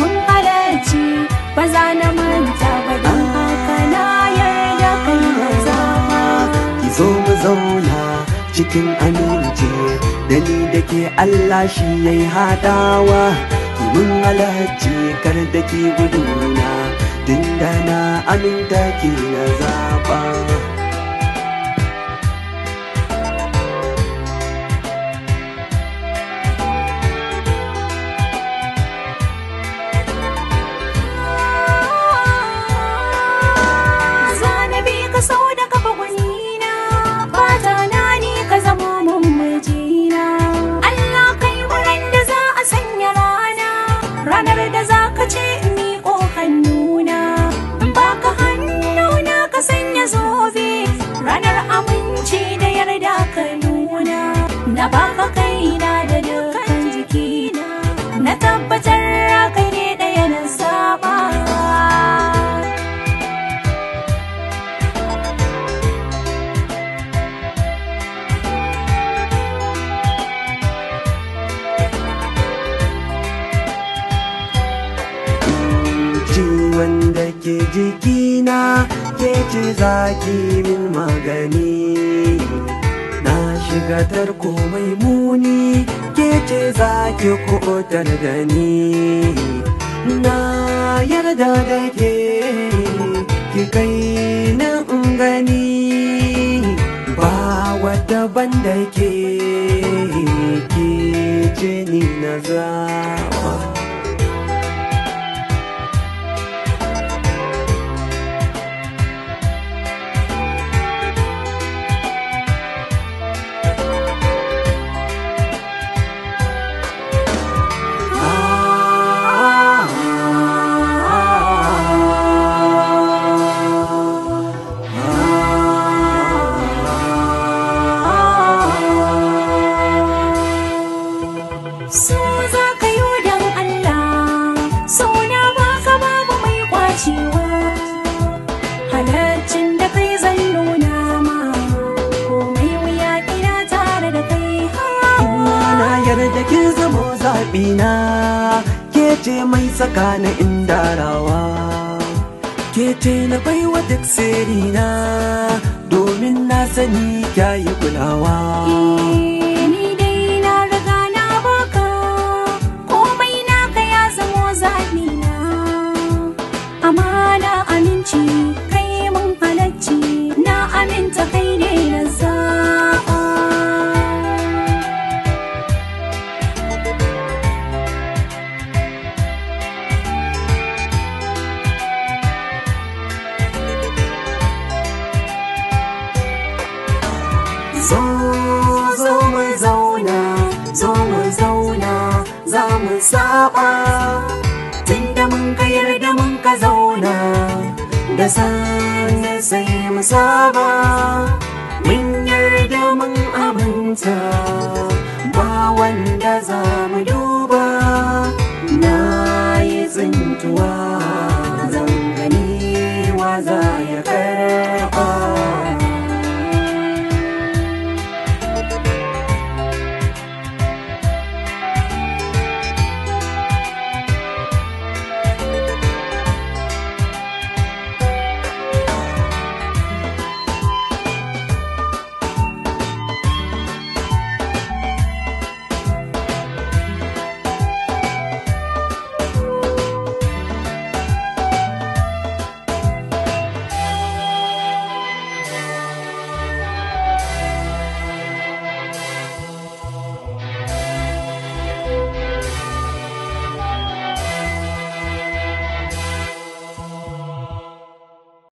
mun halarci ba za na manta ba don haka na yarda kai zama. ki zo mu zauna cikin aminci da ni da ke Allah shi ya yi haɗawa ki mun halarci kar da ke guduna tunda na aminta ki na zaɓa. kafa kaina da dukkan jikina na tabbatar haka ne ɗaya na saba ciwon da ke jikina ke ce zaki min magani shiga tarko mai muni ke ce za ki kuɓutar da ni na yarda da ke ki kai nan gani ba wata ban da ke ke ce ni na za kin zamo zaɓina ke ce mai na in darawa ke ce na baiwa duk sirina domin na sani kyayi kulawa eh, ni dai na riga na baka komai naka ya zamo zaɓina amana aminci kai mun halacci na aminta kai zauna zo mu zauna za mu saba tunda mun ka yarda mun ka zauna da sanya sai mu saba mun yarda mun aminta ba wanda za mu duba na yi tsintuwa zan gani wa za